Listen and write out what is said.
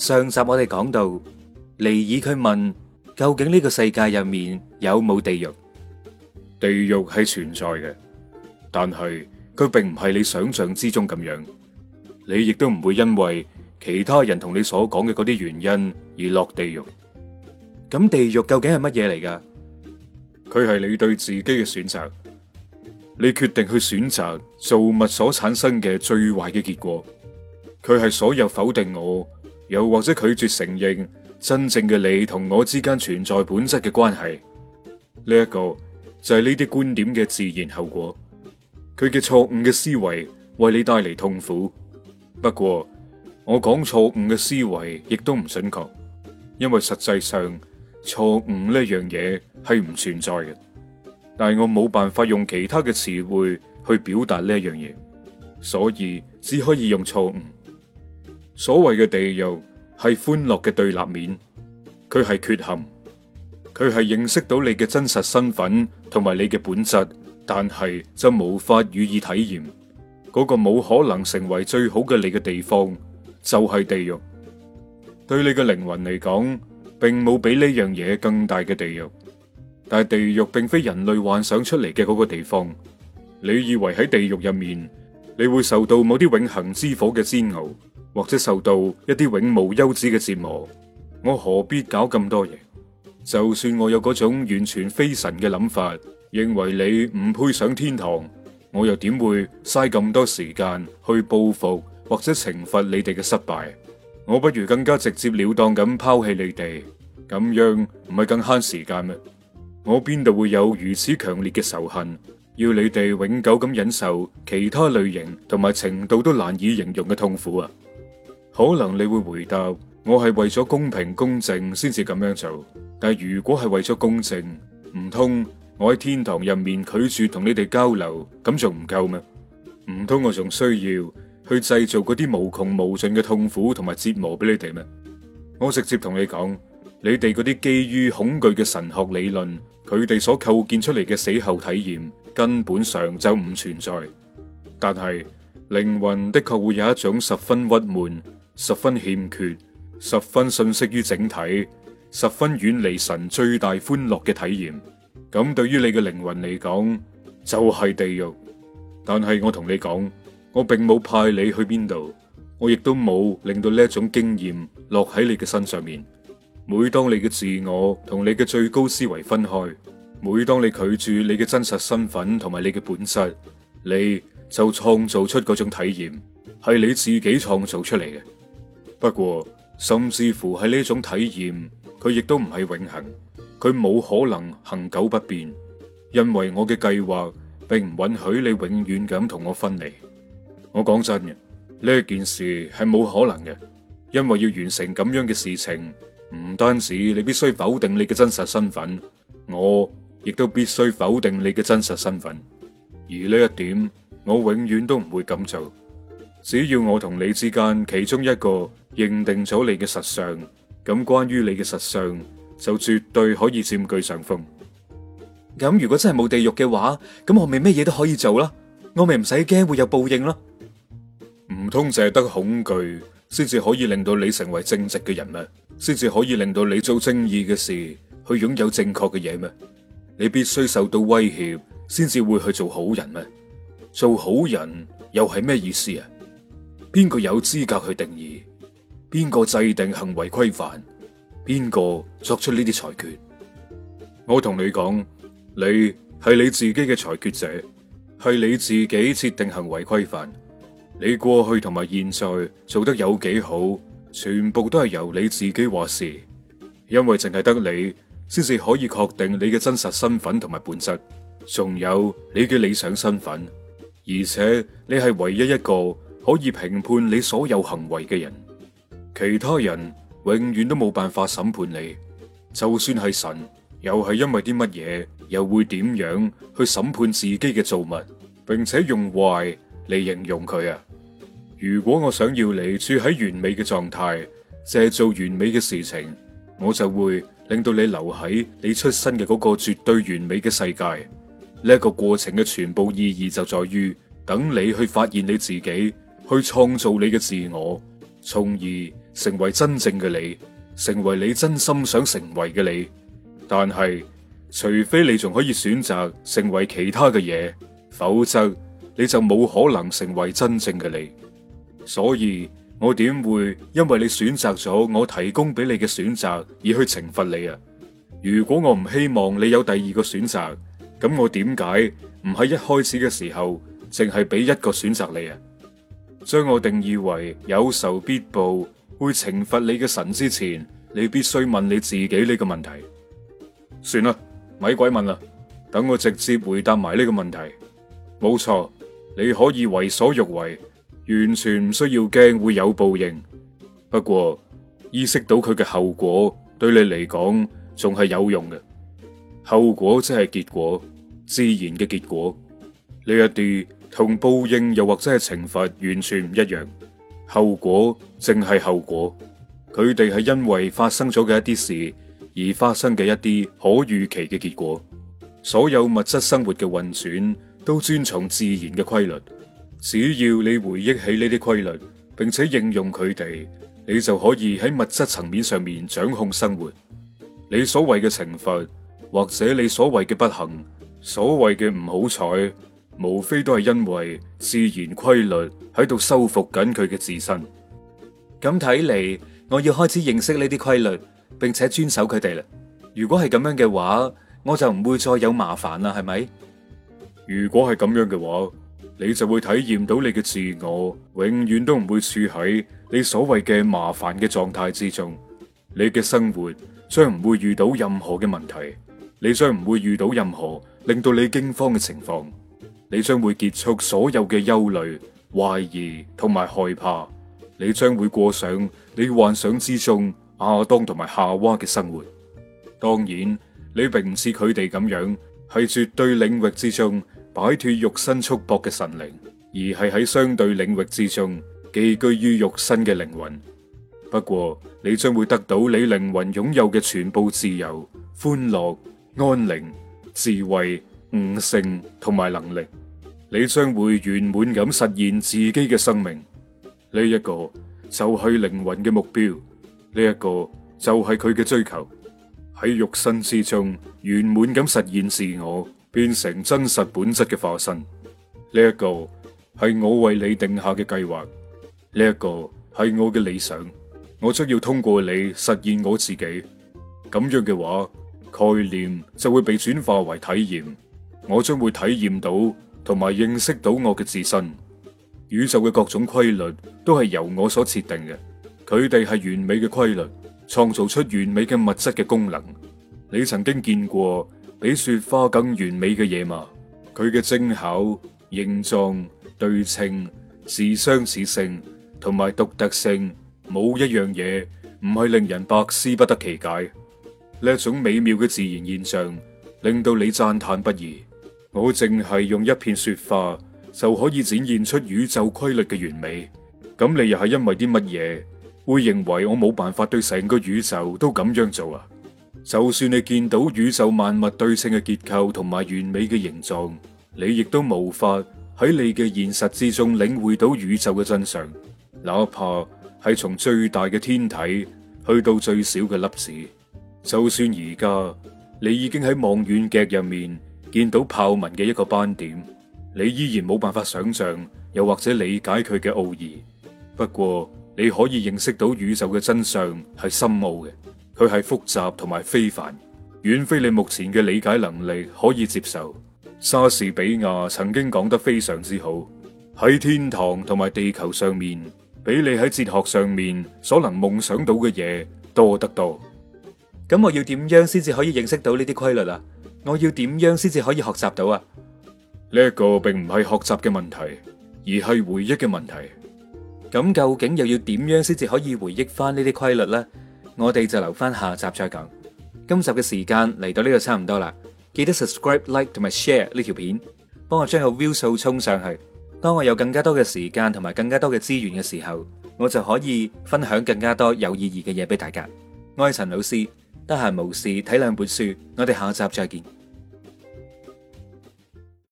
上集我哋講到，尼爾佢問，究竟呢個世界入面有冇地獄？地獄係存在嘅，但係佢並唔係你想象之中咁樣。你亦都唔會因為其他人同你所講嘅嗰啲原因而落地獄。咁地獄究竟係乜嘢嚟㗎？佢係你對自己嘅選擇，你決定去選擇造物所產生嘅最壞嘅結果。佢係所有否定我，又或者拒絕承認真正嘅你同我之間存在本質嘅關係，呢一個就係呢啲觀點嘅自然後果。佢嘅錯誤嘅思維為你帶嚟痛苦。不過我講錯誤嘅思維亦都唔準確，因為實際上錯誤呢樣嘢係唔存在嘅。但係我冇辦法用其他嘅詞彙去表達呢樣嘢，所以只可以用錯誤。所謂嘅地獄係歡樂嘅對立面，佢係缺陷，佢係認識到你嘅真實身份同埋你嘅本質，但係就無法予以體驗，嗰個冇可能成為最好嘅你嘅地方就係地獄。對你嘅靈魂嚟講，並冇比呢樣嘢更大嘅地獄。但係地獄並非人類幻想出嚟嘅嗰個地方。你以為喺地獄入面你會受到某啲永恒之火嘅煎熬？或者受到一啲永無休止嘅折磨，我何必搞咁多嘢？就算我有嗰種完全非神嘅諗法，認為你唔配上天堂，我又點會嘥咁多時間去報復或者懲罰你哋嘅失敗？我不如更加直接了當咁拋棄你哋，咁樣唔係更慳時間咩？我邊度會有如此強烈嘅仇恨，要你哋永久咁忍受其他類型同埋程度都難以形容嘅痛苦啊？可能你會回答我係為咗公平公正先至咁樣做，但如果係為咗公正，唔通我喺天堂入面拒絕同你哋交流，咁仲唔夠咩？唔通我仲需要去製造嗰啲無窮無盡嘅痛苦同埋折磨俾你哋咩？我直接同你講，你哋嗰啲基於恐懼嘅神學理論，佢哋所構建出嚟嘅死後體驗，根本上就唔存在，但係靈魂的確會有一種十分鬱悶。十分欠缺，十分遜色於整體，十分遠離神最大歡樂嘅體驗。咁對於你嘅靈魂嚟講，就係地獄。但係我同你講，我並冇派你去邊度，我亦都冇令到呢一種經驗落喺你嘅身上面。每當你嘅自我同你嘅最高思維分開，每當你拒絕你嘅真實身份同埋你嘅本質，你就創造出嗰種體驗，係你自己創造出嚟嘅。不過，甚至乎係呢種體驗，佢亦都唔係永恆，佢冇可能恆久不變。因為我嘅計劃並唔允許你永遠咁同我分離。我講真嘅，呢件事係冇可能嘅，因為要完成咁樣嘅事情，唔單止你必須否定你嘅真實身份，我亦都必須否定你嘅真實身份。而呢一點，我永遠都唔會咁做。只要我同你之間其中一個。認定咗你嘅實相，咁關於你嘅實相就絕對可以佔據上風。咁如果真係冇地獄嘅話，咁我咪咩嘢都可以做啦，我咪唔使驚會有報應啦。唔通淨係得恐懼先至可以令到你成為正直嘅人咩？先至可以令到你做正義嘅事，去擁有正確嘅嘢咩？你必須受到威脅先至會去做好人咩？做好人又係咩意思啊？邊個有資格去定義？邊個制定行為規範？邊個作出呢啲裁決？我同你講，你係你自己嘅裁決者，係你自己設定行為規範。你過去同埋現在做得有幾好，全部都係由你自己話事。因為淨係得你先至可以確定你嘅真實身份同埋本質，仲有你嘅理想身份，而且你係唯一一個可以評判你所有行為嘅人。其他人永遠都冇辦法審判你，就算係神，又係因為啲乜嘢，又會點樣去審判自己嘅造物，並且用壞嚟形容佢啊？如果我想要你住喺完美嘅狀態，借做完美嘅事情，我就會令到你留喺你出身嘅嗰個絕對完美嘅世界。呢一個過程嘅全部意義就在於等你去發現你自己，去創造你嘅自我，從而。成為真正嘅你，成為你真心想成為嘅你。但係，除非你仲可以選擇成為其他嘅嘢，否則你就冇可能成為真正嘅你。所以，我點會因為你選擇咗我提供俾你嘅選擇而去懲罰你啊？如果我唔希望你有第二個選擇，咁我點解唔喺一開始嘅時候淨係俾一個選擇你啊？將我定義為有仇必報。會懲罰你嘅神之前，你必須問你自己呢個問題。算啦，咪鬼問啦，等我直接回答埋呢個問題。冇錯，你可以為所欲為，完全唔需要驚會有報應。不過，意識到佢嘅後果對你嚟講仲係有用嘅。後果即係結果，自然嘅結果，呢一啲同報應又或者係懲罰完全唔一樣。後果淨係後果，佢哋係因為發生咗嘅一啲事而發生嘅一啲可預期嘅結果。所有物質生活嘅運轉都遵從自然嘅規律。只要你回憶起呢啲規律，並且應用佢哋，你就可以喺物質層面上面掌控生活。你所謂嘅懲罰，或者你所謂嘅不幸，所謂嘅唔好彩。無非都係因為自然規律喺度修復緊佢嘅自身。咁睇嚟，我要開始認識呢啲規律，並且遵守佢哋啦。如果係咁樣嘅話，我就唔會再有麻煩啦，係咪？如果係咁樣嘅話，你就會體驗到你嘅自我永遠都唔會處喺你所謂嘅麻煩嘅狀態之中。你嘅生活將唔會遇到任何嘅問題，你將唔會遇到任何令到你驚慌嘅情況。你將會結束所有嘅憂慮、懷疑同埋害怕，你將會過上你幻想之中亞當同埋夏娃嘅生活。當然，你並唔似佢哋咁樣，係絕對領域之中擺脫肉身束縛嘅神靈，而係喺相對領域之中寄居於肉身嘅靈魂。不過，你將會得到你靈魂擁有嘅全部自由、歡樂、安寧、智慧、悟性同埋能力。你將會圓滿咁實現自己嘅生命，呢一個就係靈魂嘅目標，呢一個就係佢嘅追求，喺肉身之中圓滿咁實現自我，變成真實本質嘅化身。呢一個係我為你定下嘅計劃，呢一個係我嘅理想，我將要通過你實現我自己。咁樣嘅話，概念就會被轉化為體驗，我將會體驗到。同埋認識到我嘅自身，宇宙嘅各種規律都係由我所設定嘅，佢哋係完美嘅規律，創造出完美嘅物質嘅功能。你曾經見過比雪花更完美嘅嘢嘛？佢嘅精巧、形狀、對稱、自相似性同埋獨特性，冇一樣嘢唔係令人百思不得其解。呢一種美妙嘅自然現象，令到你讚嘆不已。我淨係用一片雪花就可以展現出宇宙規律嘅完美，咁你又係因為啲乜嘢會認為我冇辦法對成個宇宙都咁樣做啊？就算你見到宇宙萬物對稱嘅結構同埋完美嘅形狀，你亦都無法喺你嘅現實之中領會到宇宙嘅真相，哪怕係從最大嘅天體去到最小嘅粒子。就算而家你已經喺望遠鏡入面。見到豹紋嘅一個斑點，你依然冇辦法想象，又或者理解佢嘅奧義。不過你可以認識到宇宙嘅真相係深奧嘅，佢係複雜同埋非凡，遠非你目前嘅理解能力可以接受。莎士比亞曾經講得非常之好：喺天堂同埋地球上面，比你喺哲學上面所能夢想到嘅嘢多得多。咁我要點樣先至可以認識到呢啲規律啊？我要點樣先至可以學習到啊？呢一個並唔係學習嘅問題，而係回憶嘅問題。咁究竟又要點樣先至可以回憶翻呢啲規律呢？我哋就留翻下，下集再講。今集嘅時間嚟到呢度差唔多啦，記得 subscribe、like 同埋 share 呢條片，幫我將個 view 數沖上去。當我有更加多嘅時間同埋更加多嘅資源嘅時候，我就可以分享更加多有意義嘅嘢俾大家。我係陳老師。得閒無事睇兩本書，我哋下集再見。